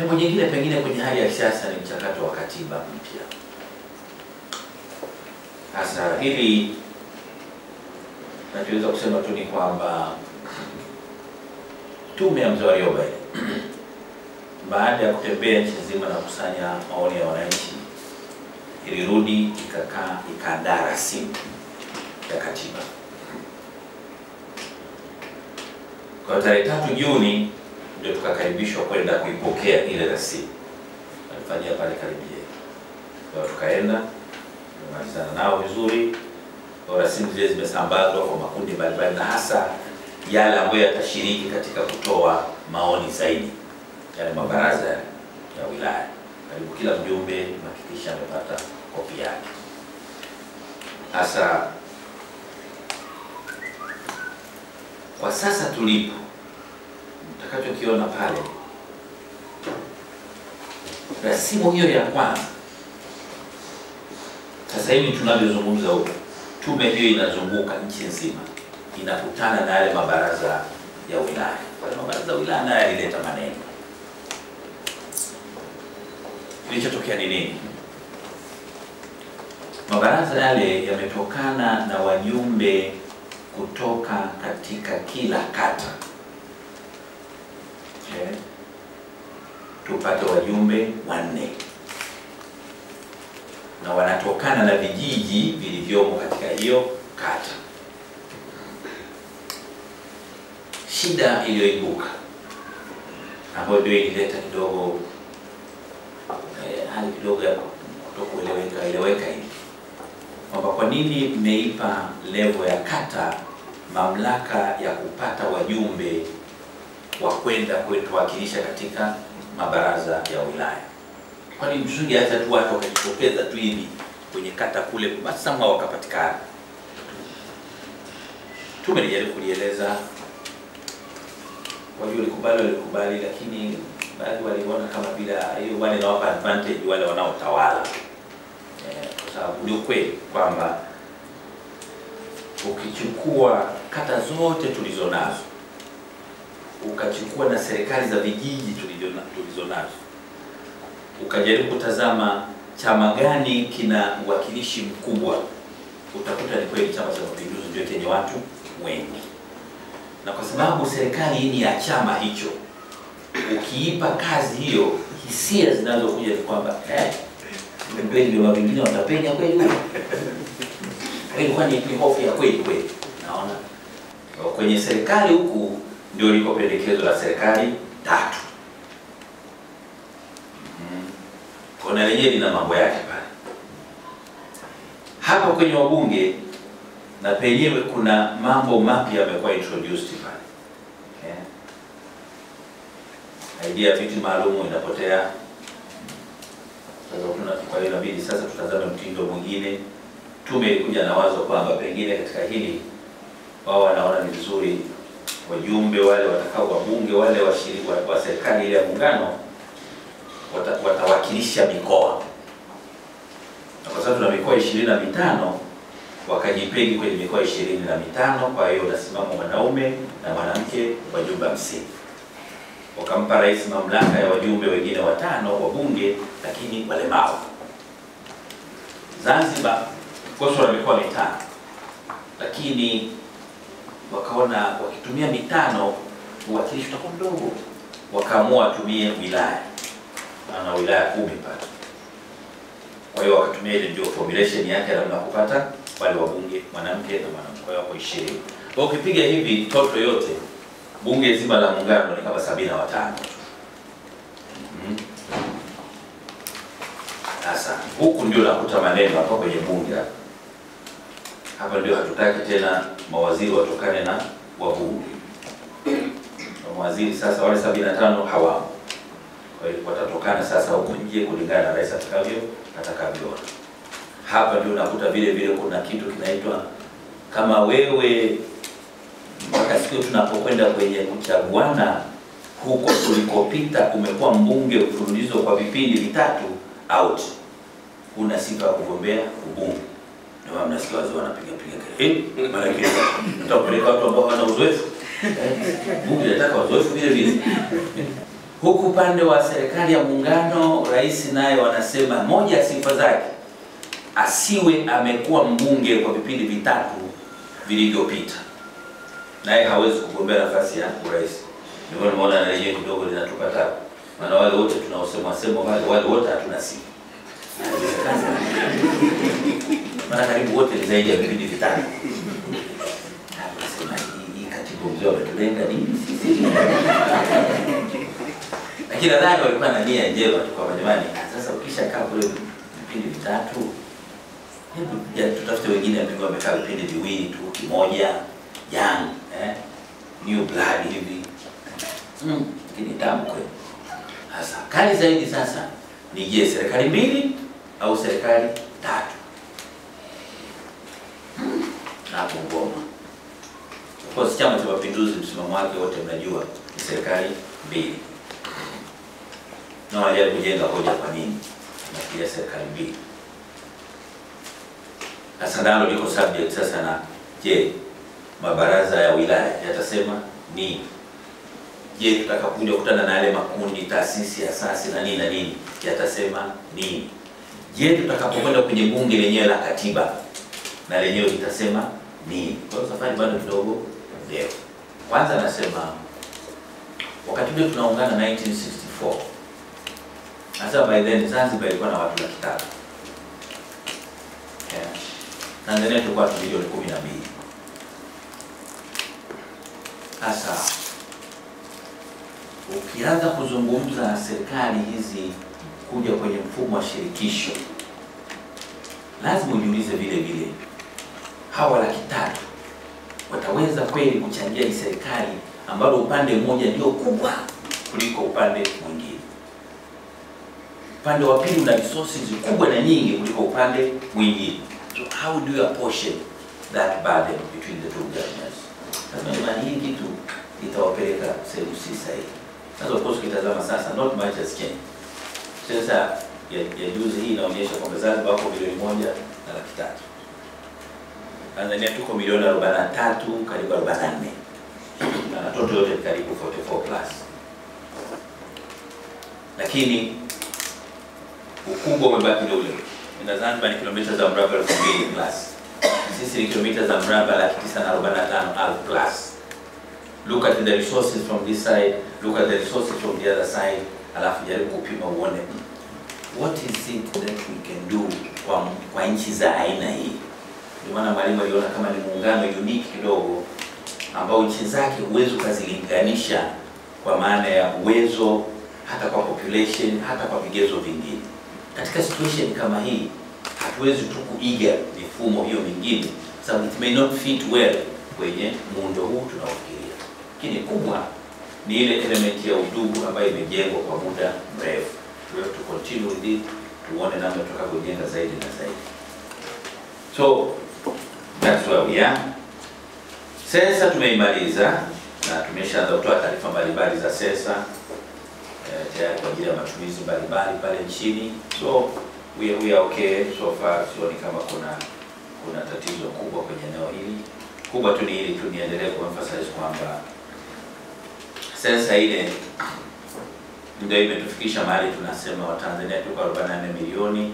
Jambo jingine pengine kwenye hali ya siasa ni mchakato wa katiba mpya. Sasa hili nachoweza kusema tu ni kwamba tume ya mzee Warioba baada ya kutembea nchi nzima na kusanya maoni ya wananchi, ilirudi ikakaa ikaandaa rasimu ya katiba kwa tarehe tatu Juni ndio tukakaribishwa kwenda kuipokea ile rasimu. Alifanyia pale karibia, kwa tukaenda tumalizana nao vizuri, kwa rasimu zile zimesambazwa kwa makundi mbalimbali na hasa yale ambayo yatashiriki katika kutoa maoni zaidi, yale mabaraza ya wilaya. Karibu kila mjumbe hakikisha amepata kopi yake. Sasa kwa sasa tulipo utakachokiona pale. Rasimu hiyo ya kwanza, sasa hivi tunavyozungumza huko, tume hiyo inazunguka nchi nzima, inakutana na yale mabaraza ya wilaya. Wale mabaraza ya wilaya nayo yalileta maneno. Kilichotokea ni nini? Mabaraza yale yametokana na wajumbe kutoka katika kila kata United tupate wajumbe wanne na wanatokana na vijiji vilivyomo katika hiyo kata. Shida iliyoibuka ambayo ndio ilileta kidogo eh, hali kidogo ya kutokueleweka eleweka hivi kwamba kwa nini mmeipa levo ya kata mamlaka ya kupata wajumbe wa kwenda kutuwakilisha katika mabaraza ya wilaya. Kwani msingi hata tu watu wakajitokeza tu hivi kwenye kata kule, basi sama wakapatikana. Tumejaribu kulieleza, wajua walikubali, walikubali, lakini baadhi waliona kama bila hiyo bwana inawapa advantage wale wanaotawala eh, kwa sababu ni ukweli kwamba ukichukua kata zote tulizo nazo ukachukua na serikali za vijiji tulizo nazo, ukajaribu kutazama chama gani kina uwakilishi mkubwa, utakuta ni kweli Chama cha Mapinduzi ndio chenye watu wengi, na kwa sababu serikali ni ya chama hicho, ukiipa kazi hiyo, hisia zinazokuja ni kwamba eh, kweli vyama vingine watapenya kweli ilikuwa ni hofu ya kweli kweli. Naona kwenye serikali huku ndio liko pendekezo la serikali tatu. Mm -hmm. Kona lenyewe lina mambo yake pale. Hapo kwenye wabunge na penyewe kuna mambo mapya yamekuwa introduced pale. okay. Eh? Idea viti maalumu inapotea. Kwa hiyo inabidi sasa tutazame mtindo mwingine. Tume ilikuja na wazo kwamba pengine katika hili wao wanaona ni vizuri wajumbe wale watakao wabunge wale wa, wa, wa serikali ile ya muungano wata, watawakilisha mikoa, na kwa sababu tuna mikoa ishirini na mitano wakajipegi kwenye mikoa ishirini na mitano Kwa hiyo unasimama mwanaume na mwanamke wajumbe hamsini wakampa rais mamlaka ya wajumbe wengine watano wa bunge, lakini walemavu. Zanzibar koso na mikoa mitano, lakini wakaona wakitumia mitano uwakilishi utakuwa mdogo, wakaamua watumie wilaya, maana wilaya kumi pale. Kwa hiyo wakatumia ile ndio formulation yake namna kupata wale wabunge mwanamke na mwanamke, kwa hiyo kwa ishirini. Kwa ukipiga hivi toto yote bunge zima la muungano ni kama sabini na watano. Hmm? Sasa huku ndio nakuta maneno hapa kwenye bunge, hapa ndio hatutaki tena mawaziri watokane na wabunge mawaziri sasa wale 75 hawamo, kwa hiyo watatokana sasa huko nje kulingana na rais atakavyo atakavyoona hapa ndio unakuta vile vile kuna kitu kinaitwa kama wewe mpaka siku tunapokwenda kwenye kuchaguana huko tulikopita umekuwa mbunge mfululizo kwa vipindi vitatu out una sifa ya kugombea ubunge ndio maana mnasikia wazee wanapiga piga kelele mara kile tutapeleka watu ambao wana uzoefu eh, Mungu anataka uzoefu vile vile huku upande wa serikali ya muungano rais naye wanasema moja ya sifa zake asiwe amekuwa mbunge kwa vipindi vitatu vilivyopita naye hawezi kugombea nafasi ya urais ndio maana na yeye kidogo linatupa tabu maana wale wote tunaosema sema wale wale wote hatuna sifa maana karibu wote ni zaidi ya vipindi vitano. Akasema hii katibu mzee wametulenga nini sisi? Lakini nadhani walikuwa na nia njema tu kwamba jamani, sasa ukishakaa kule vipindi vitatu, hebu ya tutafute wengine ambao wamekaa vipindi viwili tu, kimoja young eh, new blood hivi mm, lakini tamu kweli. Sasa kali zaidi sasa ni je, serikali mbili au serikali tatu? na Bungoma. Kwa Chama cha Mapinduzi msimamo wake wote mnajua ni serikali mbili, na wajaribu kujenga hoja kwa nini nafikiria serikali mbili. Sasa nalo liko subject sasa na je, mabaraza ya wilaya yatasema nini? Je, tutakapokuja kukutana na yale makundi, taasisi, asasi na nini na nini yatasema nini? Je, tutakapokwenda kwenye bunge lenyewe la katiba na lenyewe litasema nini. Kwa hiyo safari bado kidogo ndefu. Kwanza anasema wakati ule tunaungana 1964 hasa by then Zanzibar ilikuwa na watu laki tatu yeah. Tanzania tulikuwa watu milioni kumi na mbili sasa ukianza kuzungumza na serikali hizi kuja kwenye mfumo wa shirikisho, lazima ujiulize vile vile hawa laki tatu wataweza kweli kuchangia hii serikali ambalo upande mmoja ndio kubwa kuliko upande mwingine. Upande wa pili una resources kubwa na nyingi kuliko upande mwingine. So how do you apportion that burden between the two governments? Lazima hii kitu itawapeleka sehemu si sahihi. Sasa of course kitazama sasa not much has changed. Sasa ya, ya juzi hii inaonyesha kwamba Zanzibar wako bilioni moja na laki tatu Tanzania tuko milioni 43 karibu 44 na watoto wote karibu 44 plus, lakini ukubwa umebaki ule ule. Na Zanzibar ni kilomita za mraba 2000 plus, sisi ni kilomita za mraba laki tisa na arobaini na tano plus. Look at the resources from this side, look at the resources from the other side, alafu jaribu kupima uone what is it that we can do kwa, kwa nchi za aina hii ndio maana mwalimu aliona kama ni muungano unique kidogo ambao nchi zake huwezi ukazilinganisha kwa maana ya uwezo, hata kwa population, hata kwa vigezo vingine. Katika situation kama hii hatuwezi tu kuiga mifumo hiyo mingine, sababu it may not fit well kwenye muundo huu tunaofikiria. Lakini kubwa ni ile element ya udugu ambayo imejengwa kwa muda mrefu. We have to continue with it, tuone namna tutakavyojenga zaidi na zaidi. So Backflow. Sensa tumeimaliza na tumeshaanza kutoa taarifa mbalimbali za sensa eh, tayari kwa ajili ya matumizi mbalimbali pale nchini, so we, we are okay so far. Sioni kama kuna kuna tatizo kubwa kwenye eneo hili. Kubwa tu ni hili tu, niendelee kuemphasize kwamba sensa ile ndio imetufikisha mahali tunasema Watanzania tuko 44 milioni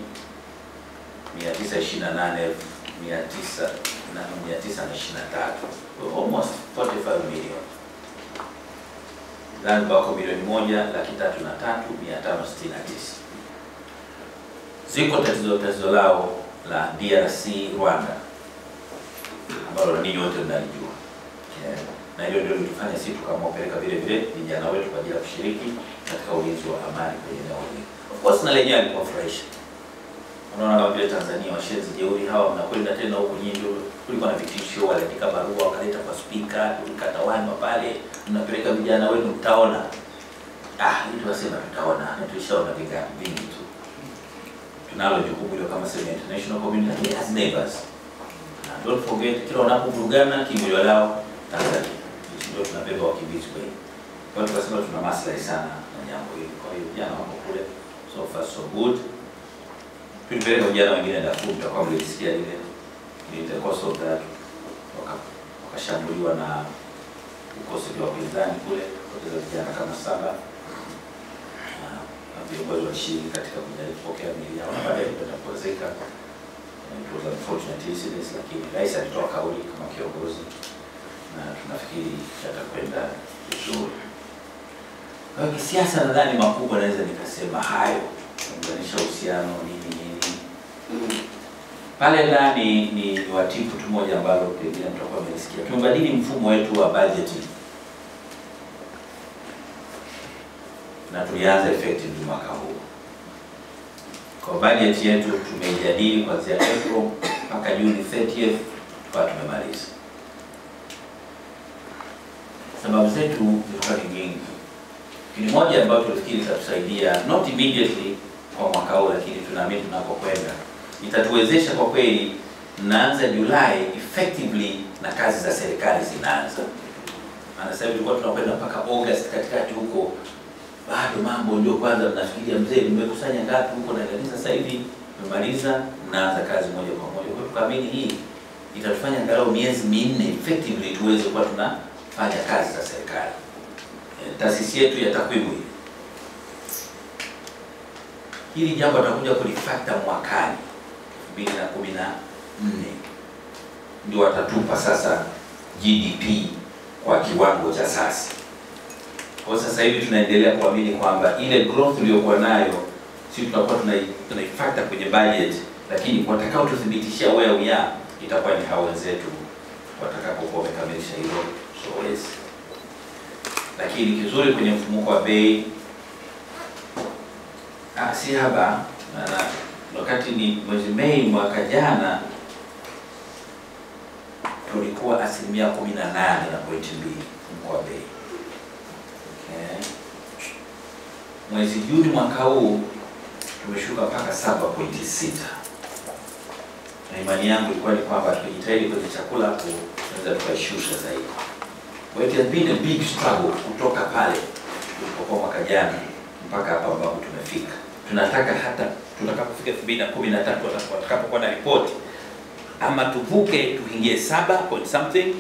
928 elfu mia almost 45 million Zanzibar wako milioni moja laki tatu na tatu mia tano sitini na tisa. Ziko tatizo tatizo lao la DRC Rwanda ambalo ninyi wote mnalijua na hilo ndio litufanya sisi tukamwapeleka vile vile vijana wetu kwa ajili ya kushiriki katika ulinzi wa amani kwenye eneo hili. Of course na lenyewe alikuwafurahisha unaona kama vile Tanzania washenzi jeuri hawa, mnakwenda tena huko nyinyi, kulikuwa na vitisho, waliandika barua wakaleta kwa spika, tulikatawanywa pale, mnapeleka vijana wenu, mtaona. Ah, hii tunasema tutaona, na tulishaona vingapi vingi tu. Tunalo jukumu hilo kama sehemu international community as neighbors. And don't forget, kila wanapovurugana kimbilio lao Tanzania, ndio tunabeba wakimbizi wengi. Kwa hiyo tukasema tuna maslahi sana na jambo hili, kwa hiyo vijana wako kule, so far so good. Pili mbele na vijana wengine kwa mtakuwa isikia ile ile itakuwa soka yake. Wakashambuliwa na ukosi wa wapinzani kule, poteza vijana kama saba na viongozi walishiriki katika kujaribu kupokea miili yao, baadaye tutapozeka. It was unfortunate incidents, lakini rais alitoa kauli kama kiongozi na tunafikiri yatakwenda vizuri. Kwa kisiasa, nadhani makubwa naweza nikasema hayo, kuunganisha uhusiano nini nini Mm-hmm. pale ndani ni, ni watifu tu moja ambalo pengine mtakuwa mmesikia. Tumebadili mfumo wetu wa budgeting na tulianza effective mwaka huu. Kwa budget yetu tumeijadili kuanzia April mpaka Juni 30th kwa tumemaliza. Sababu zetu zilikuwa ni nyingi, lakini moja ambayo tulifikiri itatusaidia not immediately kwa mwaka huu, lakini tunaamini tunapokwenda itatuwezesha kwa kweli, naanza Julai effectively na kazi za serikali zinaanza. Maana sasa tulikuwa tunakwenda mpaka August katikati huko, bado mambo ndio kwanza mnafikiria, mzee, nimekusanya ngapi huko na nini? Sasa hivi mmemaliza, naanza kazi moja kwa moja. Kwa tukaamini hii itatufanya angalau miezi minne effectively tuweze kuwa tunafanya kazi za serikali. Eh, taasisi yetu ya takwimu hii hili jambo atakuja kulifuata mwakani mbili na kumi na nne ndio watatupa sasa GDP kwa kiwango cha sasa. Kwa sasa hivi tunaendelea kuamini kwamba ile growth tuliyokuwa nayo si tutakuwa tunaifuata kwenye budget, lakini watakaotuthibitishia where we are itakuwa ni hao wenzetu watakapokuwa wamekamilisha hilo zoezi. Lakini kizuri kwenye mfumuko wa bei ah, si haba na, na wakati ni mwezi Mei mwaka jana tulikuwa asilimia kumi na nane na pointi mbili mkoa bei. Okay. Mwezi Juni mwaka huu tumeshuka mpaka saba pointi sita na imani yangu ilikuwa ni kwamba tukijitahidi kwenye chakula tunaweza tukaishusha zaidi. Kwa hiyo it has been a big struggle kutoka pale tulipokuwa mwaka jana mpaka hapa ambapo tumefika tunataka hata tutakapofika elfu mbili na kumi na tatu watakapokuwa na ripoti ama tuvuke tuingie saba point something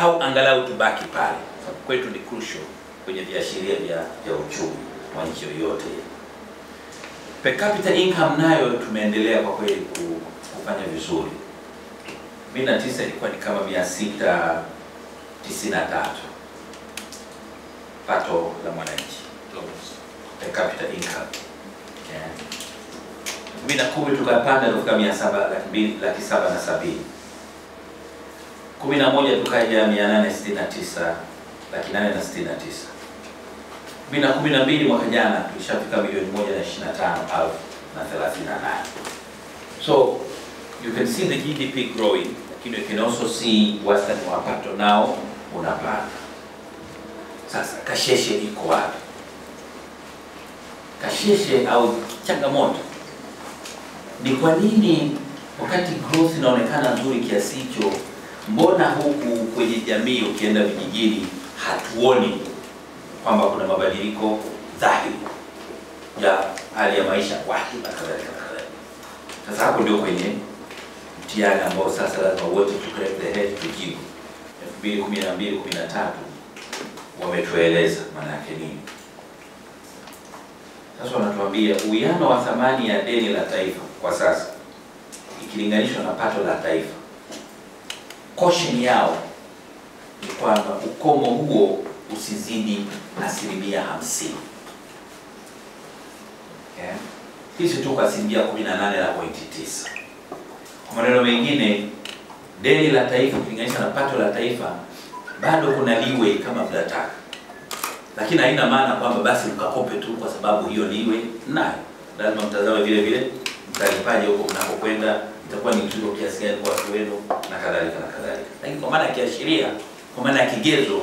au angalau tubaki pale, sababu kwetu ni crucial kwenye viashiria vya, vya uchumi wa nchi yoyote. Per capita income nayo tumeendelea kwa kweli kufanya vizuri. tisa ilikuwa ni kama 693 pato la mwananchi per capita income mimi na kumi tukapanda tukafika mia saba laki mbili laki saba na sabini kumi na moja tukaja mia nane sitini na tisa laki nane na sitini na tisa kumi na kumi na mbili mwaka jana tulishafika milioni moja na ishirini na tano elfu na thelathini na nane so you can see the GDP growing lakini you can also see wastani wa pato nao unapanda sasa kasheshe iko wapi kasheshe au changamoto ni kwa nini wakati growth inaonekana nzuri kiasi hicho, mbona huku kwenye jamii ukienda vijijini hatuoni kwamba kuna mabadiliko dhahiri ya hali ya maisha kwa na kadhalika kadhalika. Sasa hapo ndio kwenye mtihani ambao sasa lazima wote to crack the head tujibu. 2012 13 wametueleza maana yake nini? Sasa wanatuambia uwiano wa thamani ya deni la taifa kwa sasa ikilinganishwa na pato la taifa, caution yao ni kwamba ukomo huo usizidi asilimia hamsini. Okay. Hii si tu asilimia kumi na nane na pointi tisa. Kwa maneno mengine, deni la taifa ukilinganisha na pato la taifa bado kuna liwe kama mnataka lakini haina maana kwamba basi ukakope tu kwa sababu hiyo niwe nayo. Lazima mtazame vile vile mtalipaje huko mnapokwenda itakuwa ni kitu kiasi gani kwa watu wenu na kadhalika na kadhalika. Lakini kwa maana ya kiashiria, kwa maana ya kigezo,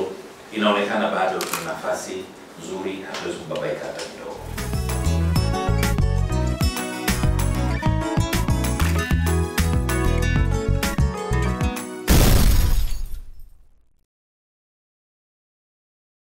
inaonekana bado tuna nafasi nzuri, hatuwezi kubabaika hata kidogo.